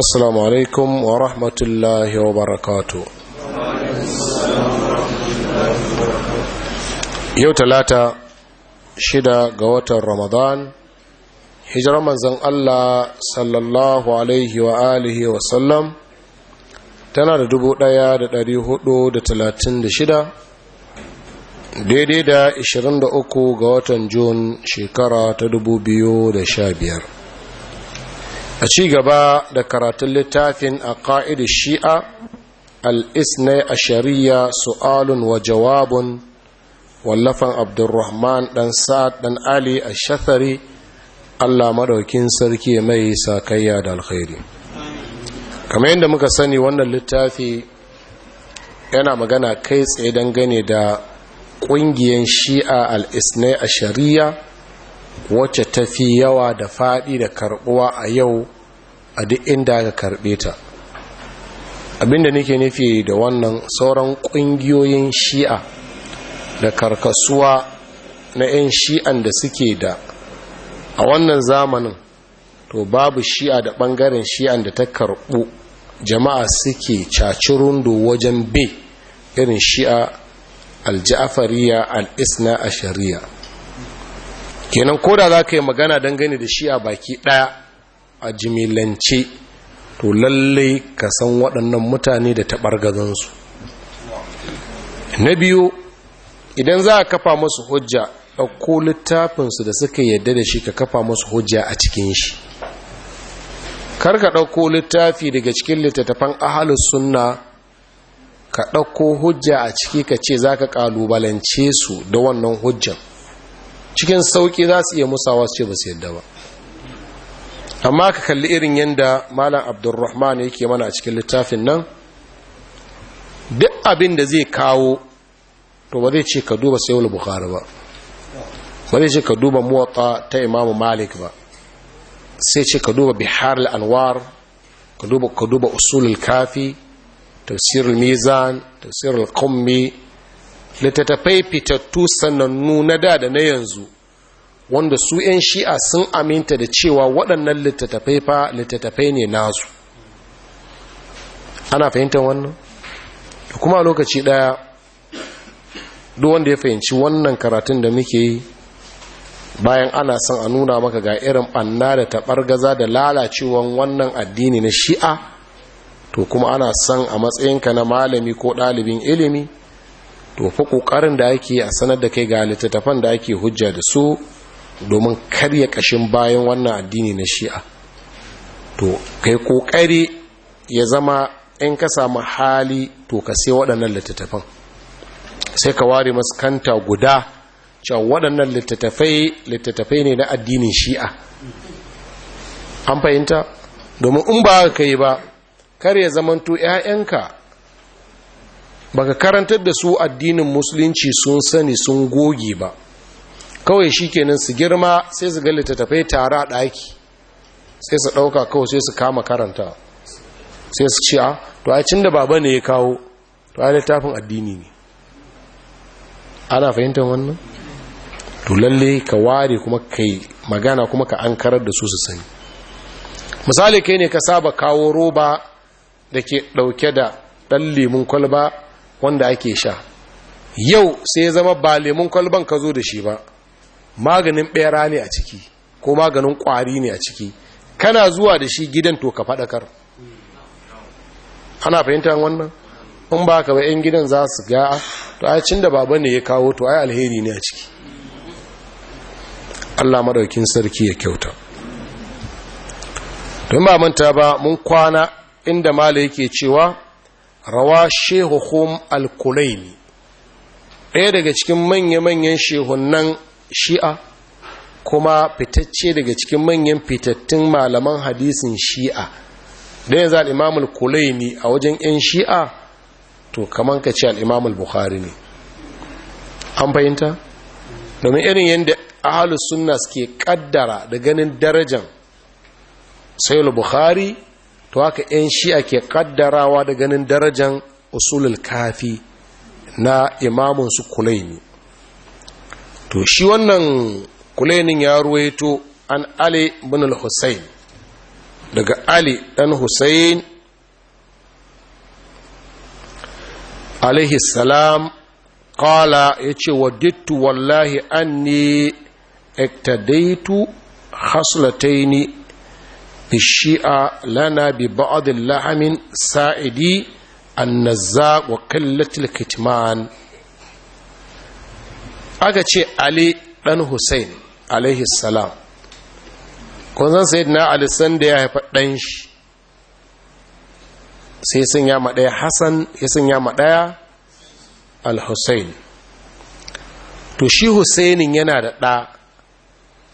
assalamu alaikum wa rahmatullahi wa barakatu yau talata shida ga watan ramadan hijirar manzan allah sallallahu tana da dubu ɗaya da dari hudu da talatin da shida daidai da 23 ga watan jun shekara ta dubu biyu da sha biyar a ci gaba da karatun littafin a ka'idu shi'a al'isnai a shari'a su'alun wa jawabun wallafan abdurrahman ɗan sa'ad ɗan ali a shafari allah maɗaukin sarki mai sakayya da alkhairi kama yadda muka sani wannan littafi yana magana kai tsaye dangane da ƙungiyar shi'a al'isnai a shari'a wacce ta fi yawa da faɗi da karɓuwa a yau a duk inda aka karɓe ta abinda nake nufi da wannan sauran ƙungiyoyin shi'a da karkasuwa na 'yan shi'an da suke da a wannan zamanin to babu shi'a da ɓangaren shi'an da ta karɓu jama'a suke rundo wajen bi irin shi'a alja'afariya al'isna a shari'a kenan ko da za ka yi magana gani da shi a baki ɗaya a jimilance to lallai ka san waɗannan mutane da taɓargazansu na biyu idan za a kafa masu hujja ɗauko littafinsu da suka yadda da shi ka kafa masu hujja a cikin shi kar ka ɗauko littafi daga cikin littattafan ahalus sunna ka ɗauko hujja a ciki ka ce za ka ƙalubalance su da wannan hujjan cikin sauƙi za su iya musawa su ce ba su yadda ba amma ka kalli irin yadda malam abdulrahman yake mana a cikin littafin nan duk abin da zai kawo to ba zai ce ka duba sayul bukari ba ba zai ce ka duba muwatta ta imamu malik ba sai ce ka duba bihar al'anwar ka duba usulul kafi tafsirul mizan tafsirul kummi littattafai fitattu sanannu na da da na yanzu wanda su 'yan shi'a sun aminta da cewa waɗannan littattafai fa littattafai ne nasu ana fahimtar wannan da kuma lokaci ɗaya duk wanda ya fahimci wannan karatun da muke yi bayan ana son a nuna maka ga irin ɓanna da taɓargaza da lalacewan wannan addini na shi'a to kuma ana son a matsayinka na malami ko ɗalibin ilimi to fa kokarin da ake a sanar da kai ga littattafan da ake hujja da su domin karya kashin bayan wannan addini na shi'a to kai kokari ya zama in ka samu hali to ka sai waɗannan littattafan sai ka ware maskanta guda cewa waɗannan littattafai littattafai ne na addinin shi'a an fahimta domin in ba ka yi ba kar ya zamanto 'ya'yanka baka karantar da su addinin musulunci sun sani sun goge ba kawai shikenan su girma sai su ga littattafai tare a daki, sai su ɗauka kawai sai su kama karanta sai su ce a ah, to a cin da baba ne ya kawo to a littafin addini ne ana fahimtar wannan to lalle ka ware kuma kai magana kuma ka ankarar da su su sani misali kai ne ka saba kawo roba da ke ɗauke da ɗan lemun kwalba wanda ake sha yau sai ya zama ba lemun kwalban ka zo da shi ba maganin bera ne a ciki ko maganin kwari ne a ciki kana zuwa da shi gidan to ka faɗakar ana fahimtar wannan in ba ka ba 'yan gidan za su ga ah, to a cin da baba ne ya kawo to ai alheri ne a ciki allah maɗaukin sarki ya kyauta don ba manta ba mun kwana inda mala yake cewa rawa shehuhum al-kulaini ɗaya daga cikin manya-manyan shehunan shi'a kuma fitacce daga cikin manyan fitattun malaman hadisin shi'a da yanzu al'imamul kulaini a wajen 'yan shi'a to kaman ka ce al'imamul bukhari ne an fahimta domin irin yadda ahalus sunna suke kaddara da ganin darajan sayul bukhari to haka 'yan shi'a ke ƙaddarawa da ganin darajan usulul kafi na imamunsu kulaini to shi wannan kulainin ya ruwaito an ali bin al-husayn daga ali dan husayn alaihi salam ce yace wadittu wallahi an ektadaitu, hasulatai haslataini fi shi'a lana bi ba'adin سائدي sa'idi annaza الكتمان kallatul علي aka ce ali السلام hussein alaihi salam kun san sayyidina ali ya haifa dan shi sai sun ya maɗaya hassan ya sun ya maɗaya al to shi Husaini yana da ɗa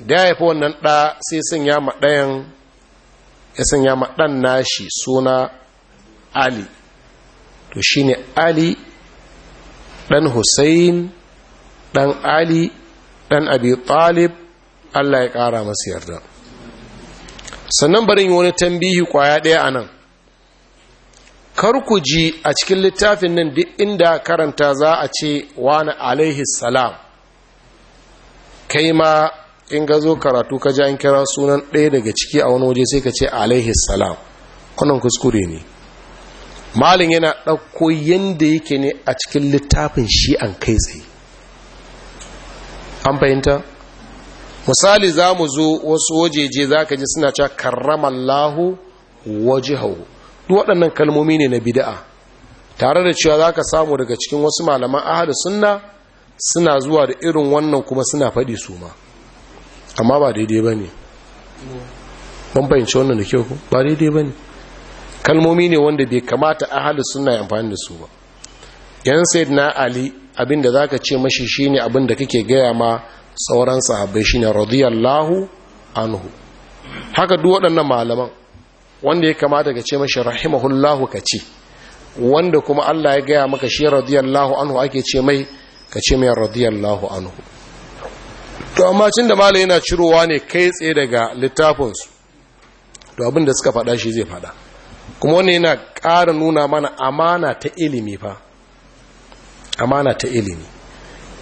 da ya haifa wannan ɗa sai sun ya maɗayan ya sanya ma ɗan nashi suna ali to shine ali ɗan hussein ɗan ali ɗan abi talib allah ya ƙara masu yarda sannan barin wani tambihi kwaya ɗaya a nan karkuji a cikin littafin nan duk inda karanta za a ce wani alaihi salam kai ma in ga zo karatu ka ji an kira sunan ɗaya daga ciki a wani waje sai ka ce alaihi salam wannan kuskure ne malin yana ɗauko yadda yake ne a cikin littafin shi an kai tsaye an fahimta misali za mu zo wasu wajeje za ka ji suna cewa karramallahu hau duk waɗannan kalmomi ne na bida'a tare da cewa za ka samu daga cikin wasu malaman ahadu sunna suna zuwa da irin wannan kuma suna faɗi su ma amma ba daidai ba ne ban fahimci wannan da kyau ku ba daidai ba ne kalmomi ne wanda bai kamata ahali suna amfani da su ba yan said na ali abinda za ka ce mashi shine abinda kake gaya ma sauran sahabbai shine radiyallahu anhu haka duk waɗannan malaman wanda ya kamata ka ce mashi rahimahullahu ka ce wanda kuma Allah ya gaya maka shi radiyallahu anhu ake ce mai ka ce mai radiyallahu anhu amma cin da malai yana cirowa ne kai tsaye daga littafinsu to abinda suka faɗa shi zai faɗa kuma wani yana ƙara nuna mana amana ta ilimi fa amana ta ilimi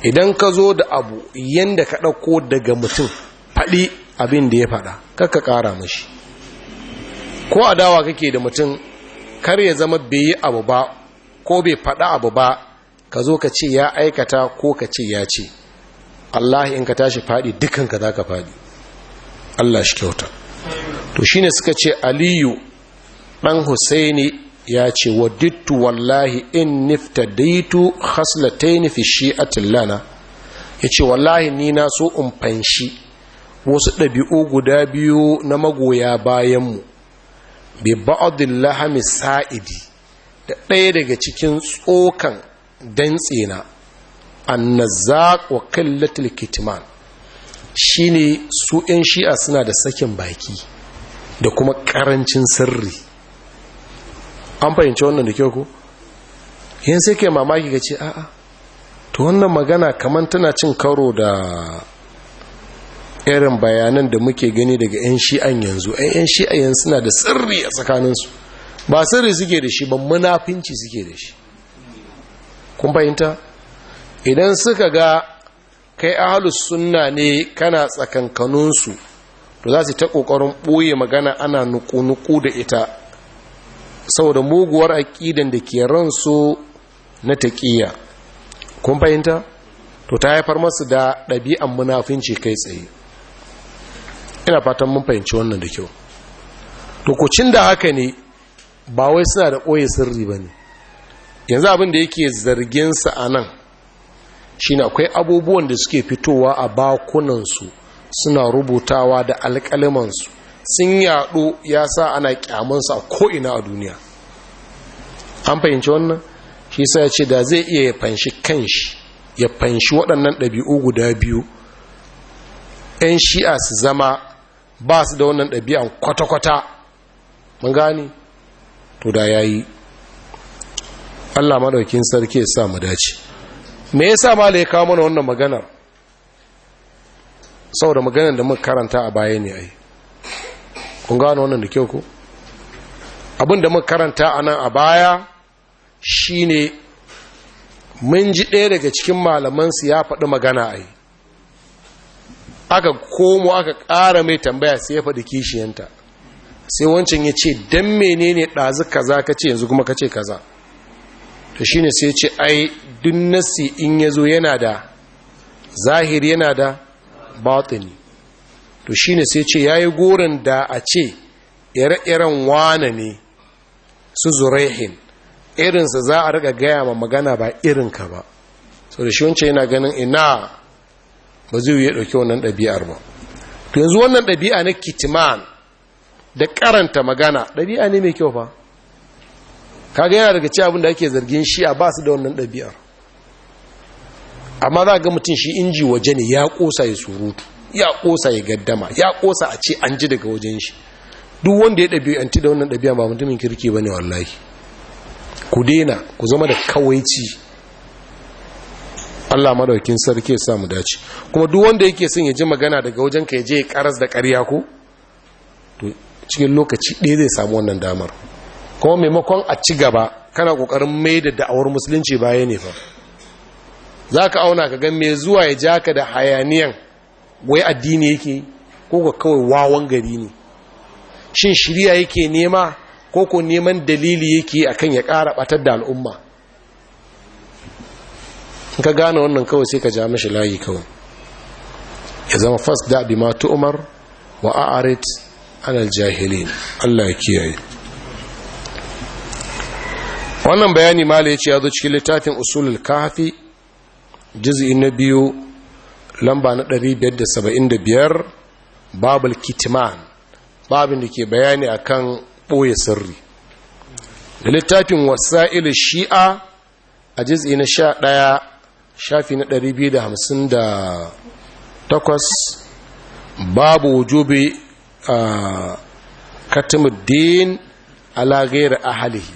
idan ka zo da abu yadda ka ɗauko daga mutum faɗi abin da ya faɗa kakka ƙara mashi ko adawa kake da mutum kar ya zama bai yi abu ba ko bai faɗa abu ba ka zo ka ce ya aikata ko ka ce ya ce Allah in ka tashi faɗi dukanka za ka faɗi Allah shi kyauta to shi suka ce aliyu ɗan husaini ya ce wadittu wallahi in niftadaitu khaslataini fi shi'atin lana ya ce wallahi ni na so in fanshi wasu ɗabi'u guda biyu na magoya bayanmu bi ba'adun lahami sa'idi da ɗaya daga cikin tsokan dantsena annazzaq wa qillatul kitman shine su ɗan shi'a suna da sakin baki da kuma ƙarancin sirri an fahimci wannan da kyau ko yin sai kai mamaki ga ce a'a to wannan magana kamar tana cin karo da irin bayanan da muke gani daga 'yan shi'an yanzu 'yan shi'an yanzu suna da sirri a tsakaninsu ba sirri suke da shi ba munafinci suke da shi kun fahimta idan suka ga kai ahalus sunna ne kana tsakankanunsu to za su ta ƙoƙarin ɓoye magana ana nuku-nuku da ita saboda muguwar aƙidan da ke ransu na taƙiya kun fahimta to ta haifar masu da ɗabi'an munafinci kai tsaye ina fatan mun fahimci wannan da kyau lokacin da haka ne ba wai suna da ɓoye sirri ba ne yanzu abin da yake zarginsa a nan shine akwai abubuwan da suke fitowa a bakunansu suna rubutawa da alƙalimansu sun yaɗo ya sa ana ƙyamansu a ko'ina a duniya an fahimci wannan shi sa ya ce da zai iya ya fanshi kanshi ya fanshi waɗannan ɗabi'u guda biyu 'yan shi'a su zama ba su da wannan ɗabi'an kwata-kwata mun gani to da ya yi allah maɗaukin sarki ya sa mu dace me yasa mala ya kawo mana wannan maganar saboda maganar da muka karanta a baya ne ai kun gano wannan da kyau ko abin da muka karanta a nan a baya shine mun ji ɗaya daga cikin malaman su ya faɗi magana ai aka komo aka ƙara mai tambaya sai ya faɗi kishiyanta sai wancan ya ce don menene ɗazu kaza ka ce yanzu kuma ka ce kaza to shine sai ce ai duk nassi in ya zo yana da zahiri yana da batini to shi ne sai ce ya yi goron da a ce ire-iren wane ne su zurehin irinsa za a riga gaya ma magana ba irinka ba so da shi wance yana ganin ina ba zai yi ɗauki wannan ɗabi'ar ba to yanzu wannan ɗabi'a na kitiman da karanta magana ɗabi'a ne mai kyau ba kaga yana daga ci abin da ake zargin shi a ba su da wannan ɗabi'ar amma za ga mutum shi inji waje ne ya kosa ya surutu ya kosa ya gaddama ya kosa a ce an ji daga wajen shi duk wanda ya ci da wannan ɗabi'a ba mutumin kirki ba ne wallahi ku daina ku zama da kawaici Allah madaukin sarki ya samu dace kuma duk wanda yake son ya ji magana daga wajen ka ya je ya karas da karya ko to cikin lokaci ɗaya zai samu wannan damar kuma maimakon a ci gaba kana ƙoƙarin mai da da'awar musulunci baya ne fa za ka auna ka gan mai zuwa ya ja ka da hayaniyan wai addini yake ko ga kawai wawan gari ne shin shirya yake nema ko ko neman dalili yake akan ya kara ɓatar da al'umma ka gane wannan kawai sai ka ja mashi layi kawai ya zama fas da bi ma umar wa a'arit anal jahilin Allah ya kiyaye wannan bayani mala ya ce ya zo cikin littafin usulul kafi juz'i na biyu lamba na 575 babul kitman babin da ke bayani akan ɓoye sirri da littafin wasa'il shi'a a juz'i na 11 shafi na 258 babu wujubi a katimuddin ala ahalihi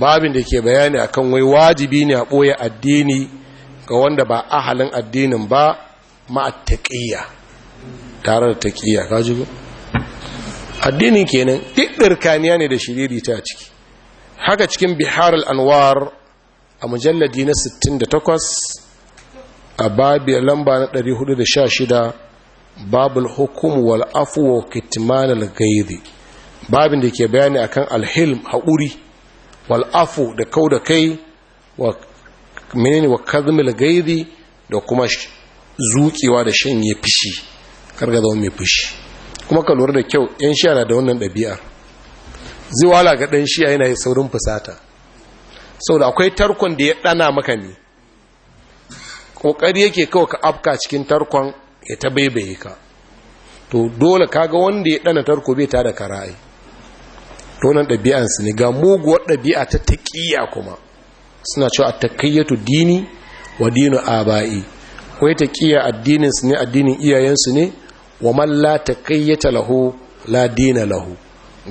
babin da ke bayani akan wai wajibi ne a ɓoye addini ga wanda ba ahalin addinin ba ma'attaƙiyya tare da taƙiyya ka ji addinin kenan duk ɗirkaniya ne da shiriri ta ciki haka cikin bihar al'anwar a mujalladi na 68 a babiyar lamba na 416 babul hukumu wal afuwa kitman al-gaidi babin da ke bayani akan alhilm haƙuri wal afu da kau da kai menene wa kadhmil gaidi da kuma zuƙewa da shanye fishi karga zama mai fishi kuma ka lura da kyau yan shiya na da wannan ɗabi'a. zai wala ga ɗan shiya yana saurin fusata saboda akwai tarkon da ya ɗana maka ne ƙoƙari yake kawai ka afka cikin tarkon ya ta baibaye ka to dole kaga wanda ya ɗana tarko bai ta da kara'ai to wannan ɗabi'ansu ne ga muguwar ɗabi'a ta taƙiya kuma suna cewa attakayyatu dini wa dinu aba'i wai taqiya addinin su ne addinin iyayensu ne wa man la takayyata lahu la dina lahu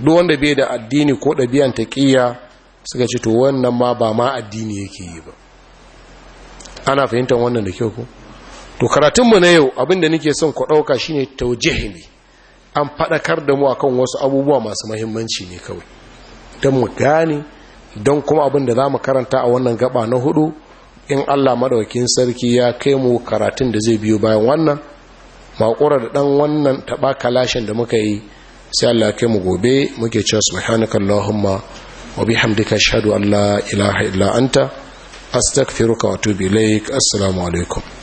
duk wanda bai da addini ko dabi'an takiyya suka ce to wannan ma ba ma addini yake yi ba ana fahimtar wannan da kyau ko to karatun mu na yau abin da nake son ku ɗauka shine taujihi ne an faɗakar da mu akan wasu abubuwa masu mahimmanci ne kawai don mu gane don kuma abin da za mu karanta a wannan gaba na hudu in allah maɗaukin sarki ya kai mu karatun da zai biyo bayan wannan makura da ɗan wannan taɓa kalashin da muka yi sai allah kai mu gobe muke cewa subhanaka allahumma wa bihamdika ashhadu an la ilaha illa anta astaghfiruka wa atubu ilaik assalamu alaikum